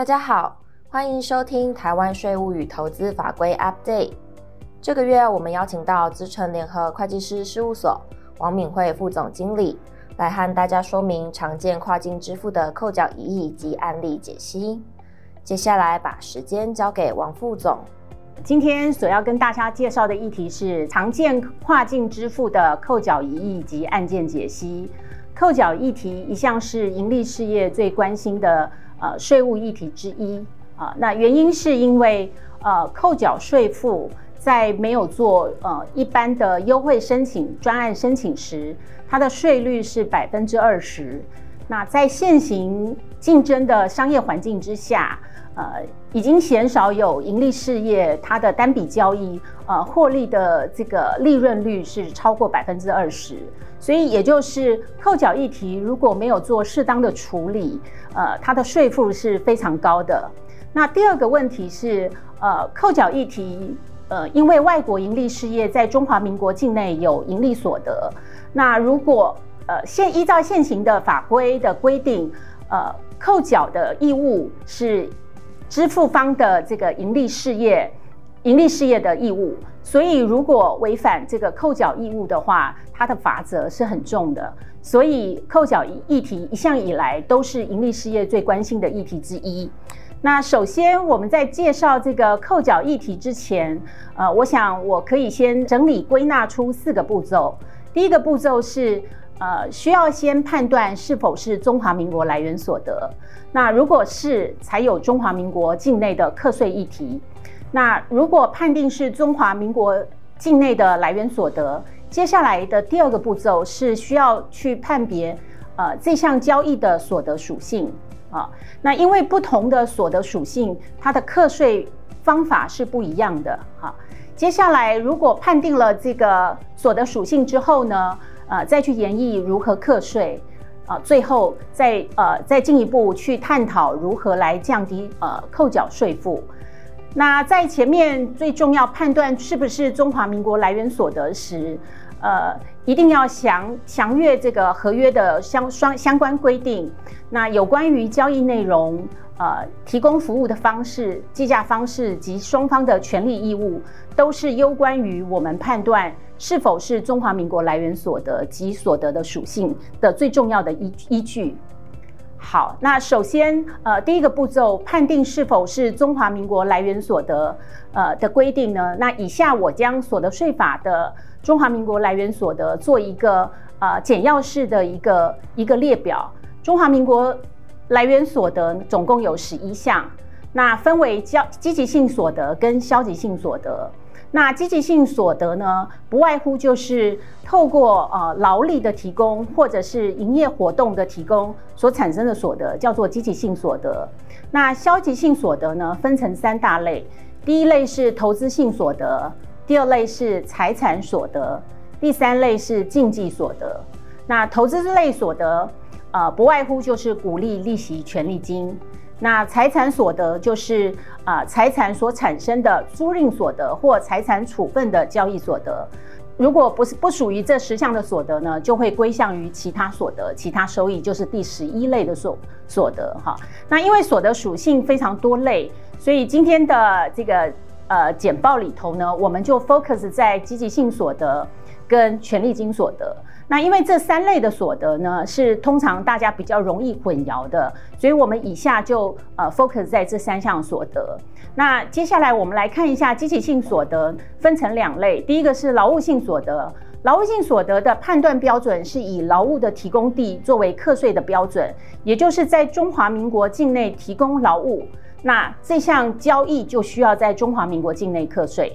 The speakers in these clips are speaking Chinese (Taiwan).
大家好，歡迎收聽台灣稅務與投資法規 Update。這個月我們邀請到資誠聯合會計師事務所王敏慧副總經理來和大家說明常見跨境支付的扣繳疑義及案例解析。接下來把時間交給王副總。今天所要跟大家介紹的議題是常見跨境支付的扣繳疑義及案件解析。扣繳議題一向是營利事業最關心的。呃，稅務議題之一啊。呃，那原因是因為呃，扣繳稅負在沒有做呃一般的優惠申請、專案申請時，它的稅率是百分之二十。那在現行競爭的商業環境之下，呃，已經鮮少有盈利事業它的單筆交易呃獲利的這個利潤率是超過百分之二十，所以也就是扣繳議題如果沒有做適當的處理，呃，它的稅負是非常高的。那第二個問題是，呃，扣繳議題，呃，因為外國盈利事業在中華民國境內有盈利所得，那如果呃現依照現行的法規的規定，呃，扣繳的義務是。支付方的這個盈利事業、盈利事業的義務，所以如果違反這個扣繳義務的話，它的罰則是很重的。所以扣繳議題一向以來都是盈利事業最關心的議題之一。那首先我們在介紹這個扣繳議題之前，呃，我想我可以先整理歸納出四個步驟。第一個步驟是，呃，需要先判斷是否是中華民國來源所得，那如果是才有中華民國境內的課稅議題。那如果判定是中華民國境內的來源所得，接下來的第二個步驟是需要去判別，呃，這項交易的所得屬性啊。那因為不同的所得屬性，它的課稅方法是不一樣的。好，接下來如果判定了這個所得屬性之後呢，呃，再去研議如何課稅，呃，最後再呃再進一步去探討如何來降低，呃扣繳稅負。那在前面最重要判斷是不是中華民國來源所得時，呃，一定要詳詳閱這個合約的相雙相關規定。那有關於交易內容，呃，提供服務的方式、計價方式及雙方的權利義務。都是攸關於我們判斷是否是中華民國來源所得及所得的屬性的最重要的依依據。好，那首先，呃，第一個步驟，判定是否是中華民國來源所得，呃的規定呢？那以下我將所得稅法的中華民國來源所得做一個呃簡要式的一個一個列表。中華民國來源所得總共有十一項，那分為交積極性所得跟消極性所得。那積極性所得呢，不外乎就是透過呃勞力的提供或者是營業活動的提供所產生的所得，叫做積極性所得。那消極性所得呢，分成三大類，第一類是投資性所得，第二類是財產所得，第三類是競技所得。那投資類所得，呃，不外乎就是股利、利息、權利金。那財產所得就是啊，財產所產生的租賃所得或財產處分的交易所得。如果不是不屬於這十項的所得呢，就會歸向於其他所得，其他收益就是第十一類的所所得哈。那因為所得屬性非常多類，所以今天的這個呃簡報裡頭呢，我們就 focus 在積極性所得跟權利金所得。那因為這三類的所得呢，是通常大家比較容易混淆的，所以我們以下就呃 focus 在這三項所得。那接下來我們來看一下積極性所得，分成兩類，第一個是勞務性所得。勞務性所得的判斷標準是以勞務的提供地作為課稅的標準，也就是在中華民國境內提供勞務，那這項交易就需要在中華民國境內課稅。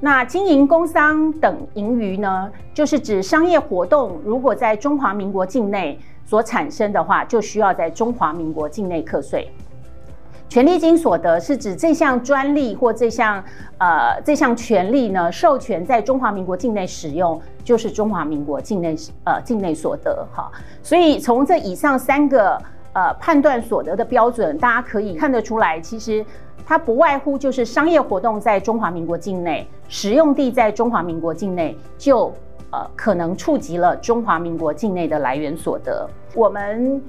那經營工商等盈餘呢，就是指商業活動，如果在中華民國境內所產生的話，就需要在中華民國境內課稅。權利金所得是指這項專利或這項呃這項權利呢，授權在中華民國境內使用，就是中華民國境內呃境內所得哈、哦。所以從這以上三個呃判斷所得的標準，大家可以看得出來，其實。它不外乎就是商業活動在中華民國境內，使用地在中華民國境內就，就呃可能觸及了中華民國境內的來源所得。我們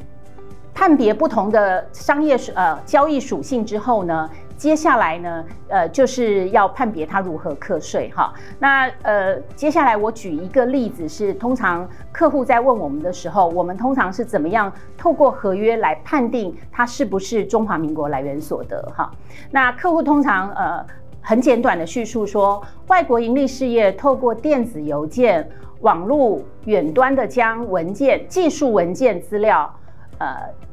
判別不同的商業呃交易屬性之後呢，接下來呢，呃，就是要判別他如何課稅哈。那呃，接下來我舉一個例子是，是通常客戶在問我們的時候，我們通常是怎麼樣透過合約來判定他是不是中華民國來源所得哈？那客戶通常呃很簡短的敘述說，外國營利事業透過電子郵件、網絡遠端的將文件、技術文件資料、呃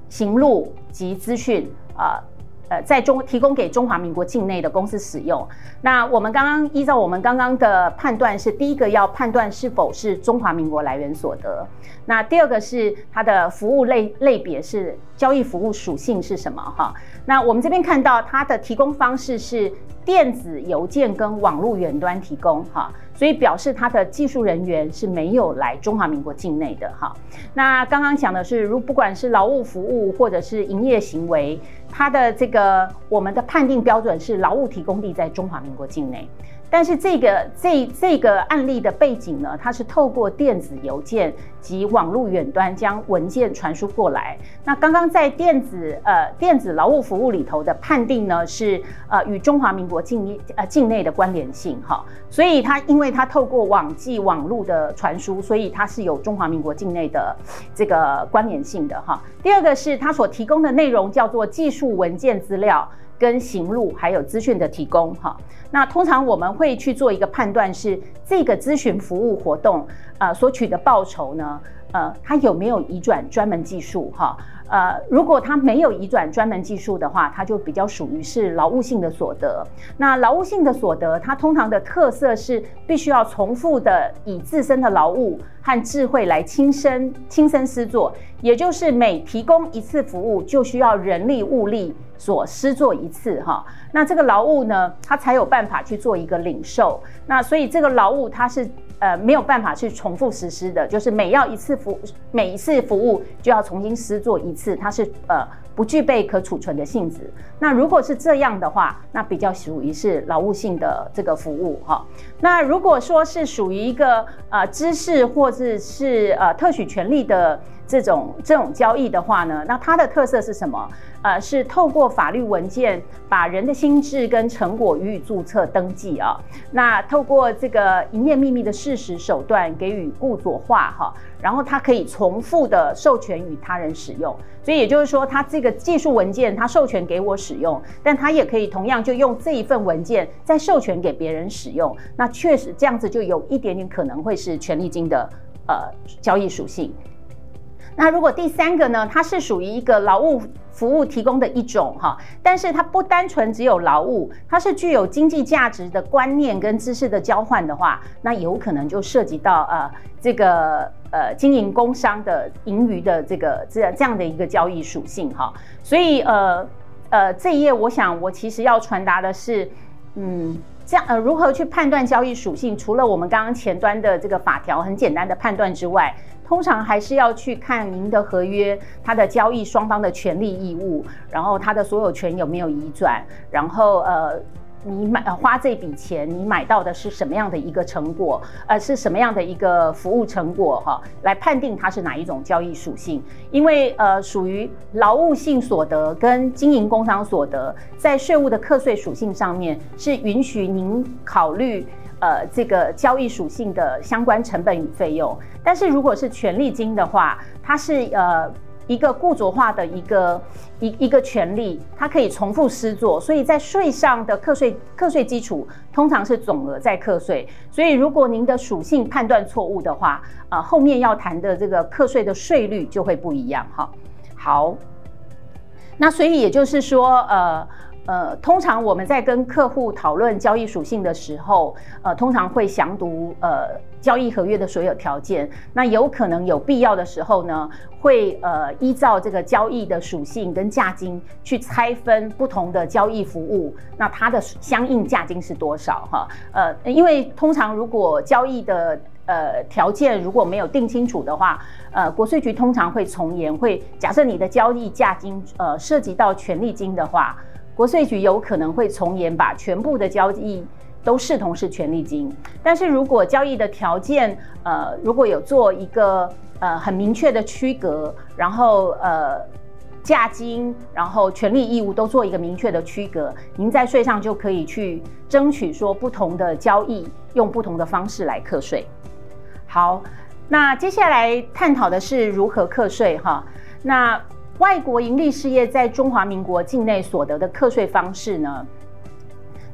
行路及資訊啊。呃在中提供給中華民國境內的公司使用。那我們剛剛依照我們剛剛的判斷，是第一個要判斷是否是中華民國來源所得。那第二個是它的服務類類別是交易服務屬性是什麼？哈，那我們這邊看到它的提供方式是電子郵件跟網絡遠端提供，哈。所以表示他的技術人員是沒有來中華民國境內的哈。那剛剛講的是，如不管是勞務服務或者是營業行為，他的這個我們的判定標準是勞務提供地在中華民國境內。但是這個這這個案例的背景呢，它是透過電子郵件及網絡遠端將文件傳輸過來。那剛剛在電子呃電子勞務服務裡頭的判定呢，是呃與中華民國境呃境內的關聯性哈。所以它因為它透過網際網絡的傳輸，所以它是有中華民國境內的這個關聯性的哈。第二個是它所提供的內容叫做技術文件資料。跟行路還有資訊的提供哈，那通常我們會去做一個判斷，是這個諮詢服務活動啊、呃、所取的報酬呢，呃，它有沒有移轉專門技術哈？呃，如果他沒有移轉專門技術的話，他就比較屬於是勞務性的所得。那勞務性的所得，它通常的特色是必須要重複的以自身的勞務和智慧來親身親身施作，也就是每提供一次服務，就需要人力物力所施作一次哈。那這個勞務呢，它才有辦法去做一個領受。那所以這個勞務它是。呃，沒有辦法去重複實施的，就是每要一次服，每一次服務就要重新施作一次，它是呃不具備可儲存的性質。那如果是這樣的話，那比較屬於是勞務性的這個服務哈、哦。那如果說是屬於一個呃知識或者是呃特許權利的。這種這種交易的話呢，那它的特色是什麼？呃，是透過法律文件把人的心智跟成果予以註冊登記啊。那透過這個營業秘密的事實手段給予固著化哈，啊，然後它可以重複的授權與他人使用。所以也就是說，它這個技術文件它授權給我使用，但它也可以同樣就用這一份文件再授權給別人使用。那確實這樣子就有一點點可能會是權利金的呃交易屬性。那如果第三個呢，它是屬於一個勞務服務提供的一種哈，但是它不單純只有勞務，它是具有經濟價值的觀念跟知識的交換的話，那有可能就涉及到呃這個呃經營工商的盈餘的這個這這樣的一個交易屬性哈。所以呃呃這一頁，我想我其實要傳達的是，嗯，這樣呃如何去判斷交易屬性？除了我們剛剛前端的這個法條很簡單的判斷之外。通常還是要去看您的合約，它的交易雙方的權利義務，然後它的所有權有沒有移轉，然後呃，你買花這筆錢，你買到的是什麼樣的一個成果？呃，是什麼樣的一個服務成果？哈，來判定它是哪一種交易屬性。因為呃，屬於勞務性所得跟經營工商所得，在稅務的課稅屬性上面是允許您考慮。呃，這個交易屬性的相關成本與費用，但是如果是權利金的話，它是呃一個固着化的一個一一個權利，它可以重複施作，所以在稅上的課稅課稅基礎通常是總額在課稅，所以如果您的屬性判斷錯誤的話，呃，後面要談的這個課稅的稅率就會不一樣哈。好，那所以也就是說，呃。呃，通常我們在跟客戶討論交易屬性的時候，呃，通常會詳讀呃交易合約的所有條件。那有可能有必要的時候呢，會呃依照這個交易的屬性跟價金去拆分不同的交易服務。那它的相應價金是多少？哈，呃，因為通常如果交易的呃條件如果沒有定清楚的話，呃，國稅局通常會從嚴，會假設你的交易價金呃涉及到權利金的話。國稅局有可能會從嚴把全部的交易都視同是權利金，但是如果交易的條件，呃，如果有做一個呃很明確的區隔，然後呃價金，然後權利義務都做一個明確的區隔，您在稅上就可以去爭取說，不同的交易用不同的方式來課稅。好，那接下來探討的是如何課稅哈，那。外國營利事業在中華民國境內所得的課稅方式呢？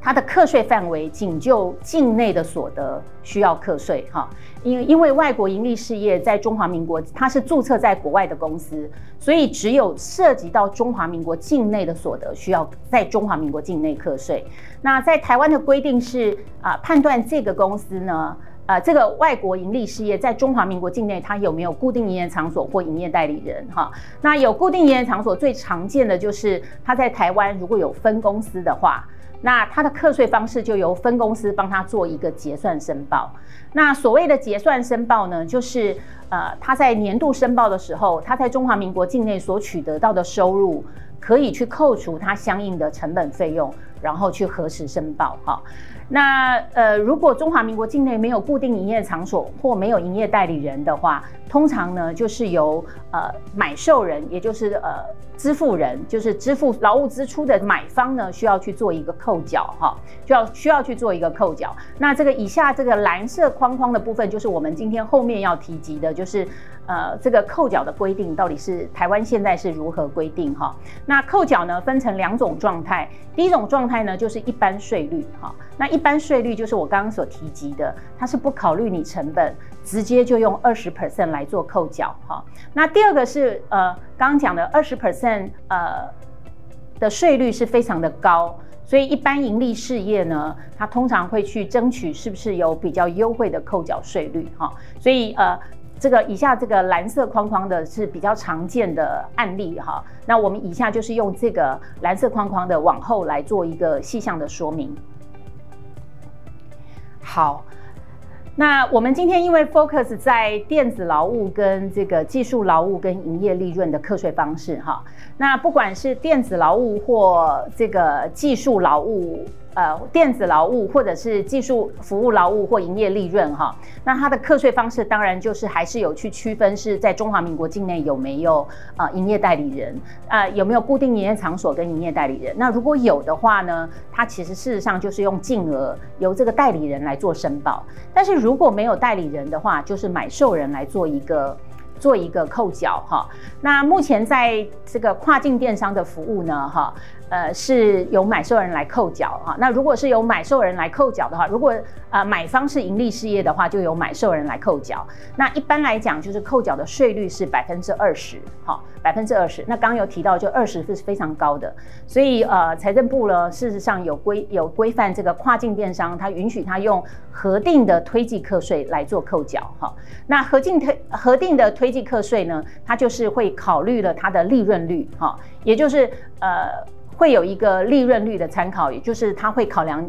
它的課稅範圍僅就境內的所得需要課稅哈，因因為外國營利事業在中華民國它是註冊在國外的公司，所以只有涉及到中華民國境內的所得需要在中華民國境內課稅。那在台灣的規定是啊，判斷這個公司呢？啊、呃，這個外國營利事業在中華民國境內，它有沒有固定營業場所或營業代理人？哈，那有固定營業場所，最常見的就是他在台灣如果有分公司的話，那他的課稅方式就由分公司幫他做一個結算申報。那所謂的結算申報呢，就是呃，他在年度申報的時候，他在中華民國境內所取得到的收入，可以去扣除他相應的成本費用，然後去核實申報。哈。那呃，如果中華民國境內沒有固定營業場所或沒有營業代理人的話，通常呢就是由呃買受人，也就是呃支付人，就是支付勞務支出的買方呢，需要去做一個扣繳哈、哦，需要需要去做一個扣繳。那這個以下這個藍色框框的部分，就是我們今天後面要提及的，就是。呃，這個扣繳的規定到底是台灣現在是如何規定哈？那扣繳呢，分成兩種狀態。第一種狀態呢，就是一般稅率哈。那一般稅率就是我剛剛所提及的，它是不考慮你成本，直接就用二十 percent 來做扣繳哈。那第二個是呃，剛剛講的二十 percent 呃的稅率是非常的高，所以一般營利事業呢，它通常會去爭取是不是有比較優惠的扣繳稅率哈。所以呃。這個以下這個藍色框框的是比較常見的案例哈，那我們以下就是用這個藍色框框的往後來做一個細項的說明。好，那我們今天因為 focus 在電子勞務跟這個技術勞務跟營業利潤的課稅方式哈，那不管是電子勞務或這個技術勞務。呃，電子勞務或者是技術服務勞務或營業利潤哈，那它的課稅方式當然就是還是有去區分是在中華民國境內有沒有呃營業代理人，呃有沒有固定營業場所跟營業代理人。那如果有的話呢，它其實事實上就是用淨額由這個代理人來做申報，但是如果沒有代理人的話，就是買受人來做一個。做一個扣繳哈，那目前在這個跨境電商的服務呢哈，呃，是由買受人來扣繳哈。那如果是由買受人來扣繳的話，如果呃買方是營利事業的話，就由買受人來扣繳。那一般來講，就是扣繳的稅率是百分之二十哈。百分之二十，那剛剛有提到，就二十是非常高的，所以呃，財政部呢，事實上有規有規範這個跨境電商，它允許它用核定的推計課稅來做扣繳哈、哦。那核定退核定的推計課稅呢，它就是會考慮了它的利潤率哈、哦，也就是呃會有一個利潤率的參考，也就是它會考量。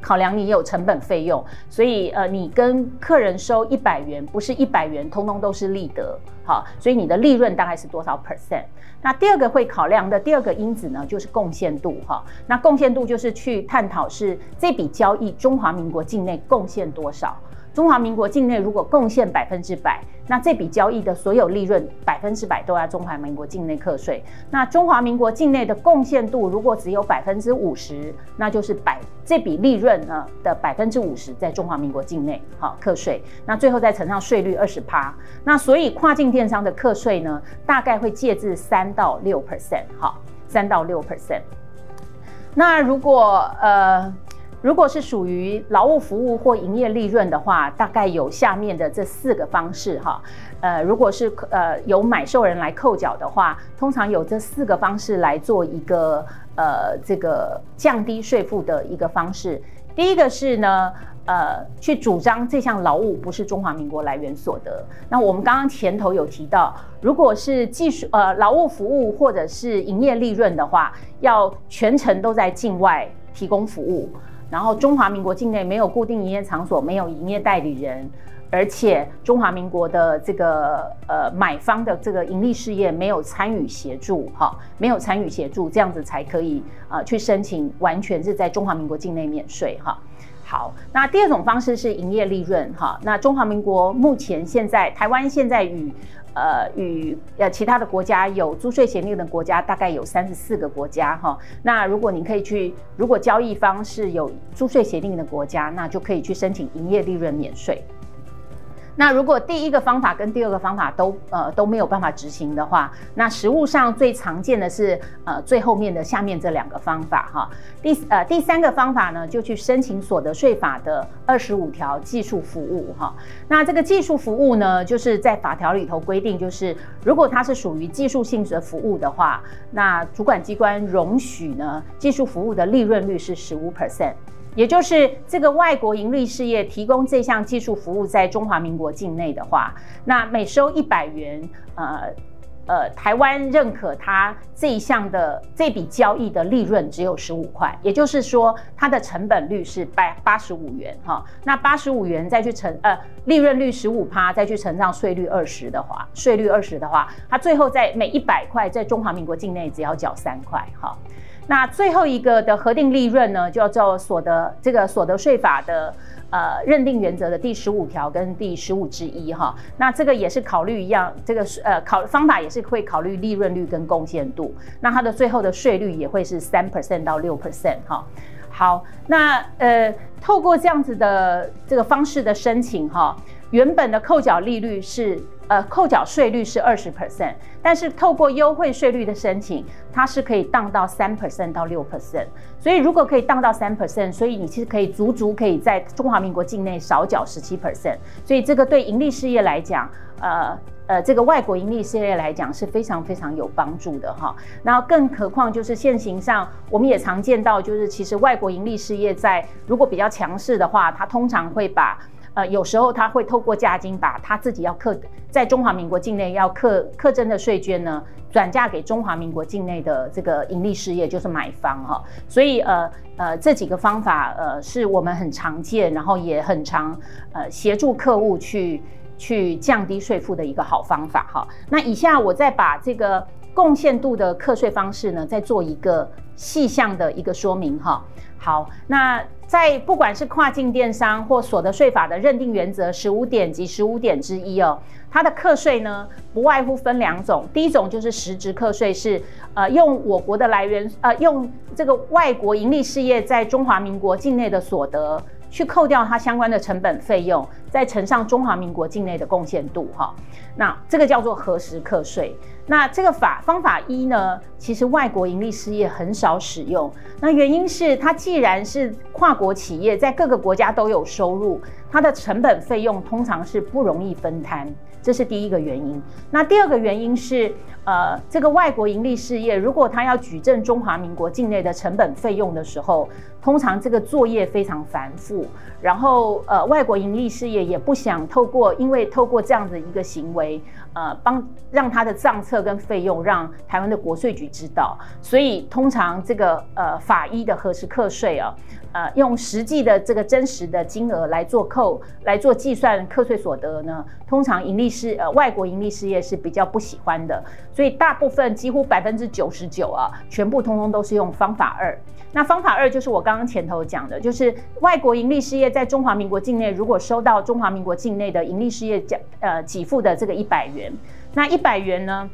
考量你也有成本費用，所以呃，你跟客人收一百元不是一百元，通通都是利得，好，所以你的利潤大概是多少 percent？那第二個會考量的第二個因子呢，就是貢獻度哈，那貢獻度就是去探討是這筆交易中華民國境內貢獻多少。中華民國境內如果貢獻百分之百，那這筆交易的所有利潤百分之百都在中華民國境內課稅。那中華民國境內的貢獻度如果只有百分之五十，那就是百這筆利潤呢的百分之五十在中華民國境內好課稅。那最後再乘上稅率二十趴，那所以跨境電商的課稅呢大概會介至三到六 percent，好，三到六 percent。那如果呃。如果是屬於勞務服務或營業利潤的話，大概有下面的這四個方式哈。呃，如果是呃由買受人來扣繳的話，通常有這四個方式來做一個呃這個降低稅負的一個方式。第一個是呢，呃，去主張這項勞務不是中華民國來源所得。那我們剛剛前頭有提到，如果是技術呃勞務服務或者是營業利潤的話，要全程都在境外提供服務。然後中華民國境內沒有固定營業場所，沒有營業代理人，而且中華民國的這個呃買方的這個營利事業沒有參與協助哈，沒有參與協助，這樣子才可以啊、呃、去申請完全是在中華民國境內免稅哈。好，那第二種方式是營業利潤哈，那中華民國目前現在台灣現在與。呃，與呃其他的國家有租稅協定的國家，大概有三十四個國家哈、哦。那如果您可以去，如果交易方是有租稅協定的國家，那就可以去申請營業利潤免稅。那如果第一個方法跟第二個方法都呃都沒有辦法執行的話，那實務上最常見的是呃最後面的下面這兩個方法哈、哦。第呃第三個方法呢，就去申請所得稅法的二十五條技術服務哈、哦。那這個技術服務呢，就是在法條裡頭規定，就是如果它是屬於技術性質的服務的話，那主管機關容許呢技術服務的利潤率是十五 percent。也就是這個外國營利事業提供這項技術服務在中華民國境內的話，那每收一百元，呃呃，台灣認可它這一項的這筆交易的利潤只有十五塊，也就是說它的成本率是百八十五元哈、哦。那八十五元再去乘呃，利潤率十五趴再去乘上稅率二十的話，稅率二十的話，它最後在每一百塊在中華民國境內只要繳三塊哈。哦，那最後一個的核定利潤呢，就叫做所得，這個所得稅法的呃認定原則的第十五條跟第十五之一哈，那這個也是考慮一樣，這個呃考方法也是會考慮利潤率跟貢獻度，那它的最後的稅率也會是三 percent 到六 percent 哈。齁，好，那呃透過這樣子的這個方式的申請哈，原本的扣繳利率是。呃，扣繳稅率是二十 percent，但是透過優惠稅率的申請，它是可以降到三 percent 到六 percent。所以如果可以降到三 percent，所以你其實可以足足可以在中華民國境內少繳十七 percent。所以這個對營利事業來講，呃、呃，這個外國營利事業來講是非常非常有幫助的哈。那更何況就是現行上，我們也常見到，就是其實外國營利事業在如果比較強勢的話，它通常會把。呃，有時候他會透過價金，把他自己要課在中華民國境內要課課徵的稅捐呢，轉嫁給中華民國境內的這個盈利事業，就是買方哈、哦。所以呃呃，這幾個方法呃，是我們很常見，然後也很常呃協助客戶去去降低稅負的一個好方法哈、哦。那以下我再把這個貢獻度的課稅方式呢，再做一個細項的一個說明哈。哦好，那在不管是跨境電商或所得稅法的認定原則十五點及十五點之一哦，它的課稅呢，不外乎分兩種，第一種就是實質課稅是，是呃用我國的來源呃用這個外國營利事業在中華民國境內的所得，去扣掉它相關的成本費用，再乘上中華民國境內的貢獻度哈、哦，那這個叫做核實課稅。那這個法方法一呢，其實外國營利事業很少使用。那原因是它既然是跨國企業，在各個國家都有收入，它的成本費用通常是不容易分攤，這是第一個原因。那第二個原因是，呃，這個外國營利事業如果它要舉證中華民國境內的成本費用的時候，通常這個作業非常繁複，然後呃外國營利事業也不想透過，因為透過這樣的一個行為，呃幫讓他的賬冊跟費用讓台灣的國稅局知道，所以通常這個呃法一的核實課稅啊，呃用實際的這個真實的金額來做扣來做計算課稅所得呢，通常營利事呃外國營利事業是比較不喜歡的，所以大部分幾乎百分之九十九啊，全部通通都是用方法二。那方法二就是我剛。剛剛前頭講的，就是外國營利事業在中華民國境內，如果收到中華民國境內的營利事業獎呃給付的這個一百元，那一百元呢，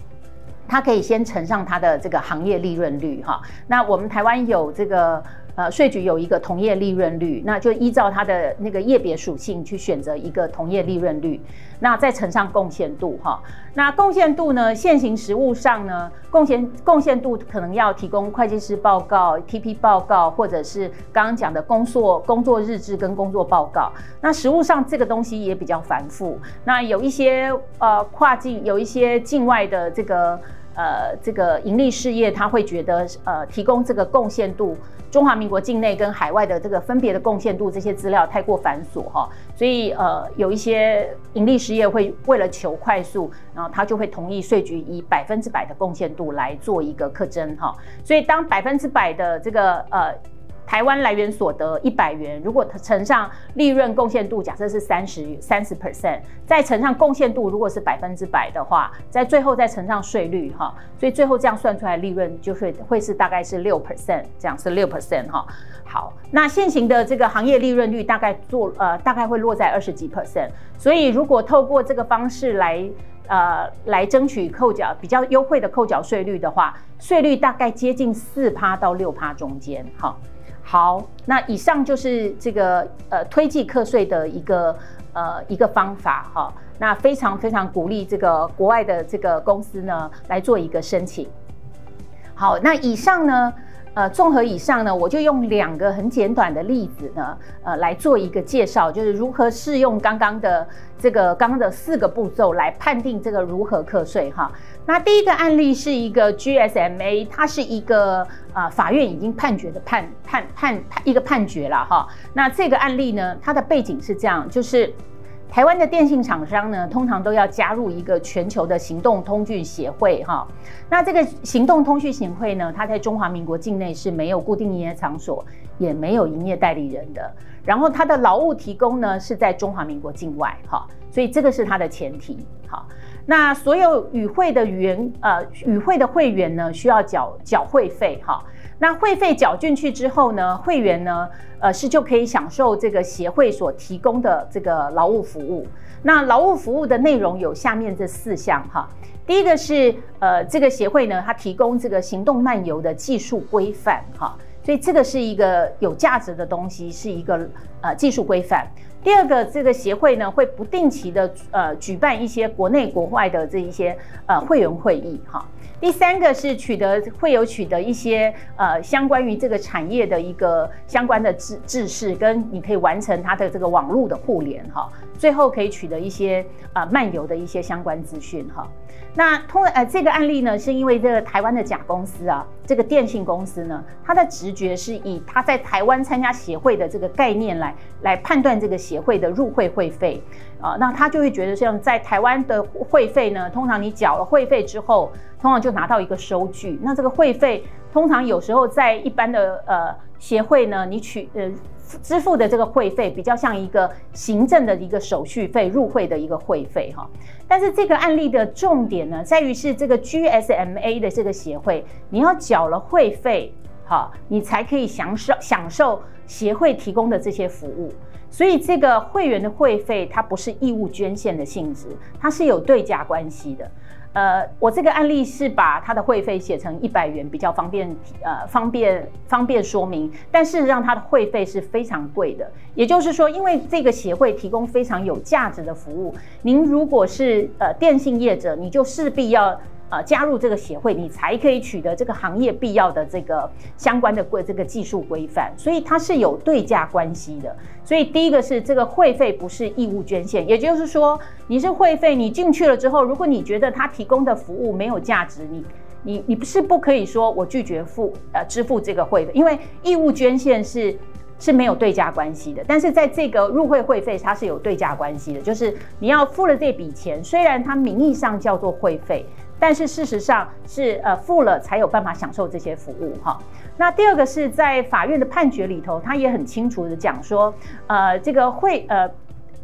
它可以先乘上它的這個行業利潤率哈。那我們台灣有這個。呃，稅局有一個同業利潤率，那就依照它的那個業別屬性去選擇一個同業利潤率，那再乘上貢獻度哈。那貢獻度呢，現行實務上呢，貢獻貢獻度可能要提供會計師報告、TP 報告，或者是剛剛講的工作工作日志跟工作報告。那實務上這個東西也比較繁複。那有一些呃跨境，有一些境外的這個。呃，這個營利事業他會覺得，呃，提供這個貢獻度，中華民國境內跟海外的這個分別的貢獻度這些資料太過繁瑣哈、哦，所以呃，有一些營利事業會為了求快速，然後他就會同意稅局以百分之百的貢獻度來做一個課徵哈、哦，所以當百分之百的這個呃。台灣來源所得一百元，如果乘上利潤貢獻度假設，假設是三十三十 percent，再乘上貢獻度，如果是百分之百的話，在最後再乘上稅率哈，所以最後這樣算出來利潤就是會是大概是六 percent，這樣是六 percent 哈。好，那現行的這個行業利潤率大概做呃大概會落在二十幾 percent，所以如果透過這個方式來呃來爭取扣繳比較優惠的扣繳稅率的話，稅率大概接近四趴到六趴中間哈。好，那以上就是這個呃推計課稅的一個呃一個方法哈，哦，那非常非常鼓勵這個國外的這個公司呢來做一個申請。好，那以上呢。呃，綜合以上呢，我就用兩個很簡短的例子呢，呃，來做一個介紹，就是如何適用剛剛的這個剛剛的四個步驟來判定這個如何課稅哈。那第一個案例是一個 GSMA，它是一個呃法院已經判決的判、判、判，判一個判決了哈。那這個案例呢，它的背景是這樣，就是。台灣的電信廠商呢，通常都要加入一個全球的行動通訊協會哈。那這個行動通訊協會呢，它在中華民國境內是沒有固定營業場所，也沒有營業代理人的。然後它的勞務提供呢，是在中華民國境外哈。所以這個是它的前提哈。那所有與會的員呃與會的會員呢，需要繳繳會費哈。那會費繳進去之後呢，會員呢，呃，是就可以享受這個協會所提供的這個勞務服務。那勞務服務的內容有下面這四項哈。第一個是呃，這個協會呢，它提供這個行動漫遊的技術規範哈，所以這個是一個有價值的東西，是一個呃技術規範。第二個，這個協會呢，會不定期的呃舉辦一些國內國外的這一些呃會員會議哈。第三個是取得會有取得一些呃相關於這個產業的一個相關的知知識，跟你可以完成它的這個網絡的互聯哈、哦，最後可以取得一些啊、呃、漫遊的一些相關資訊哈。哦那通呃，這個案例呢，是因為這個台灣的甲公司啊，這個電信公司呢，他的直覺是以他在台灣參加協會的這個概念來來判斷這個協會的入會會費啊、呃，那他就會覺得像在台灣的會費呢，通常你繳了會費之後，通常就拿到一個收據，那這個會費通常有時候在一般的呃協會呢，你取呃。支付的這個會費比較像一個行政的一個手續費，入會的一個會費哈。但是這個案例的重點呢，在於是這個 GSMA 的這個協會，你要繳了會費哈，你才可以享受享受協會提供的這些服務。所以這個會員的會費它不是義務捐獻的性質，它是有對價關係的。呃，我這個案例是把他的會費寫成一百元比較方便，呃，方便方便說明，但事實上他的會費是非常貴的，也就是說，因為這個協會提供非常有價值的服務，您如果是呃電信業者，你就勢必要。呃，加入這個協會，你才可以取得這個行業必要的這個相關的規這個技術規範，所以它是有對價關係的。所以第一個是這個會費不是義務捐獻，也就是說你是會費，你進去了之後，如果你覺得他提供的服務沒有價值，你你你不是不可以說我拒絕付呃支付這個會費，因為義務捐獻是是沒有對價關係的。但是在這個入會會費，它是有對價關係的，就是你要付了這筆錢，雖然它名義上叫做會費。但是事實上是呃付了才有辦法享受這些服務哈。那第二個是在法院的判決裡頭，他也很清楚地講說，呃這個會呃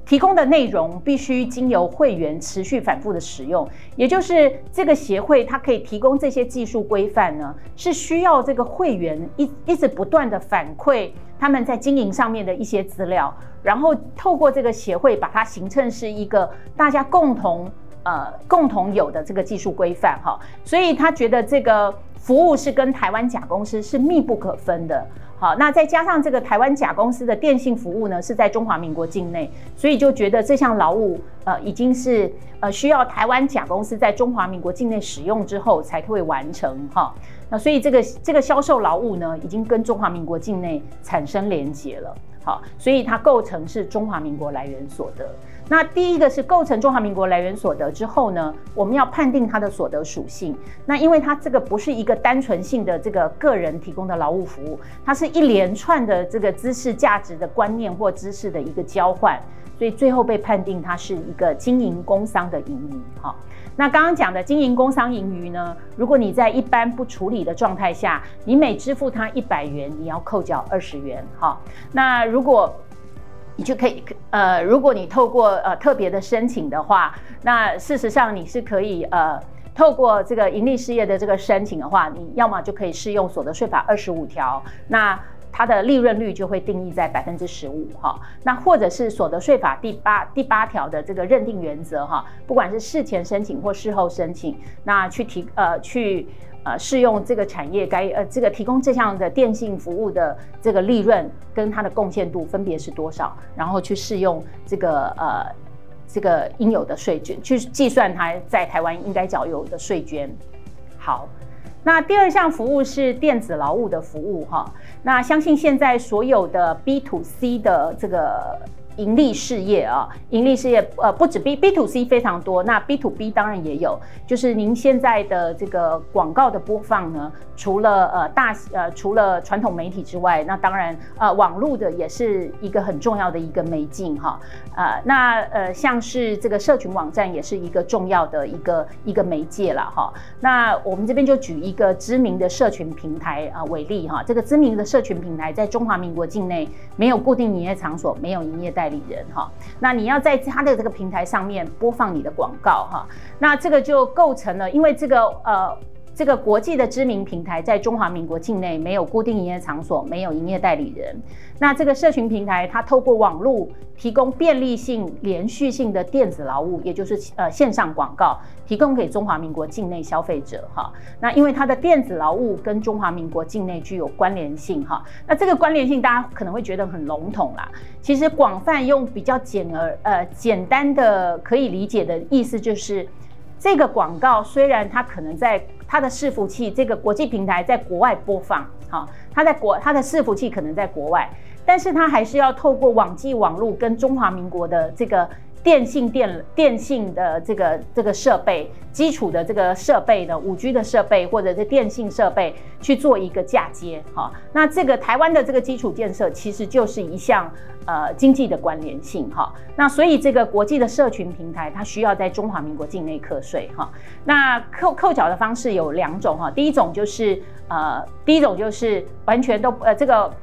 提供的內容必須經由會員持續反復的使用，也就是這個協會它可以提供這些技術規範呢，是需要這個會員一一直不斷的反饋他們在經營上面的一些資料，然後透過這個協會把它形成是一個大家共同。呃，共同有的這個技術規範哈、哦，所以他覺得這個服務是跟台灣甲公司是密不可分的。好、哦，那再加上這個台灣甲公司的電信服務呢，是在中華民國境內，所以就覺得這項勞務呃已經是呃需要台灣甲公司在中華民國境內使用之後才會完成哈、哦。那所以這個這個銷售勞務呢，已經跟中華民國境內產生連接了。好、哦，所以它構成是中華民國來源所得。那第一個是構成中華民國來源所得之後呢，我們要判定它的所得屬性。那因為它這個不是一個單純性的這個個人提供的勞務服務，它是一連串的這個知識價值的觀念或知識的一個交換，所以最後被判定它是一個經營工商的盈餘。好，那剛剛講的經營工商盈餘呢，如果你在一般不處理的狀態下，你每支付它一百元，你要扣繳二十元。好，那如果你就可以呃，如果你透過呃特別的申請的話，那事實上你是可以呃，透過這個營利事業的這個申請的話，你要麼就可以適用所得稅法二十五條，那它的利潤率就會定義在百分之十五哈，那或者是所得稅法第八第八條的這個認定原則哈、哦，不管是事前申請或事後申請，那去提呃去。呃，適用這個產業該呃這個提供這項的電信服務的這個利潤跟它的貢獻度分別是多少？然後去適用這個呃這個應有的稅捐，去計算它在台灣應該繳有的稅捐。好，那第二項服務是電子勞務的服務哈，那相信現在所有的 B to C 的這個。營利事業啊，營利事業呃，不止 B B to C 非常多，那 B to B 當然也有。就是您現在的這個廣告的播放呢，除了呃大呃除了傳統媒體之外，那當然呃網絡的也是一個很重要的一個媒介哈啊、呃，那呃像是這個社群網站也是一個重要的一個一個媒介啦哈。那我們這邊就舉一個知名的社群平台啊、呃、為例哈，這個知名的社群平台在中華民國境內沒有固定營業場所，沒有營業單。代理人哈，那你要在他的這個平台上面播放你的廣告哈，那這個就構成了，因為這個呃。這個國際的知名平台在中華民國境內沒有固定營業場所，沒有營業代理人。那這個社群平台，它透過網絡提供便利性、連續性的電子勞務，也就是呃線上廣告，提供給中華民國境內消費者哈。那因為它的電子勞務跟中華民國境內具有關聯性哈。那這個關聯性，大家可能會覺得很籠統啦。其實廣泛用比較簡而呃簡單的可以理解的意思就是。這個廣告雖然它可能在它的伺服器，這個國際平台在國外播放，好，它在國它的伺服器可能在國外，但是它還是要透過網際網路跟中華民國的這個。電信電電信的這個這個設備，基礎的這個設備的 5G 的設備，或者是電信設備去做一個嫁接哈、哦，那這個台灣的這個基礎建設其實就是一項呃經濟的關聯性哈、哦，那所以這個國際的社群平台它需要在中華民國境內課稅哈、哦，那扣扣繳的方式有兩種哈、哦，第一種就是呃第一種就是完全都呃這個。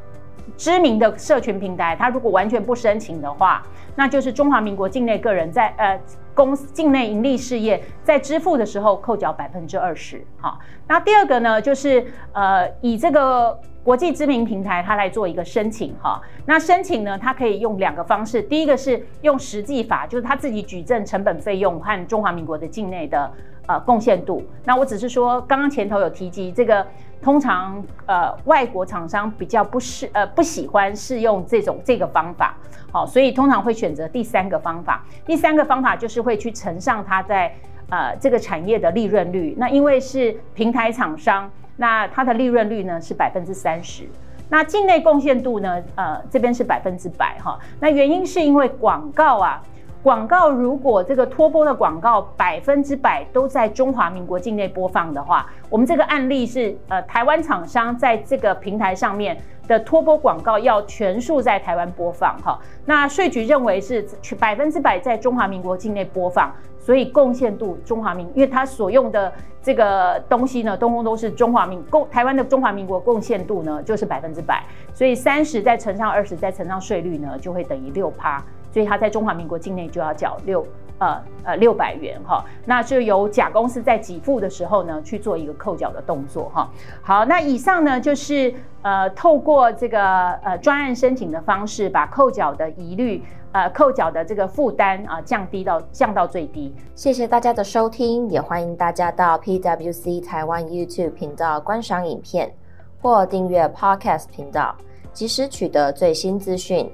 知名的社群平台，它如果完全不申請的話，那就是中華民國境內個人在呃公司境內盈利事業在支付的時候扣繳百分之二十。哈、哦，那第二個呢，就是呃以這個國際知名平台它來做一個申請哈、哦。那申請呢，它可以用兩個方式，第一個是用實際法，就是他自己舉證成本費用和中華民國的境內的呃貢獻度。那我只是說剛剛前頭有提及這個。通常，呃，外國廠商比較不適，呃，不喜歡適用這種這個方法，好，哦，所以通常會選擇第三個方法。第三個方法就是會去乘上它，在呃這個產業的利潤率。那因為是平台廠商，那它的利潤率呢是百分之三十。那境內貢獻度呢，呃，這邊是百分之百哈。那原因是因為廣告啊。廣告如果這個託播的廣告百分之百都在中華民國境內播放的話，我們這個案例是呃台灣廠商在這個平台上面的託播廣告要全數在台灣播放哈，那稅局認為是百分之百在中華民國境內播放，所以貢獻度中華民，因為它所用的這個東西呢，通通都是中華民，台台灣的中華民國貢獻度呢就是百分之百，所以三十再乘上二十再乘上稅率呢，就會等於六趴。所以他在中華民國境內就要繳六呃呃六百元哈，那就由甲公司在給付的時候呢去做一個扣繳的動作哈。好，那以上呢就是呃透過這個呃專案申請的方式，把扣繳的疑慮呃扣繳的這個負擔啊降低到降到最低。謝謝大家的收聽，也歡迎大家到 PWC 台灣 YouTube 頻道觀賞影片或訂閱 Podcast 頻道，及時取得最新資訊。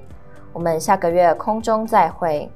我們下個月空中再會。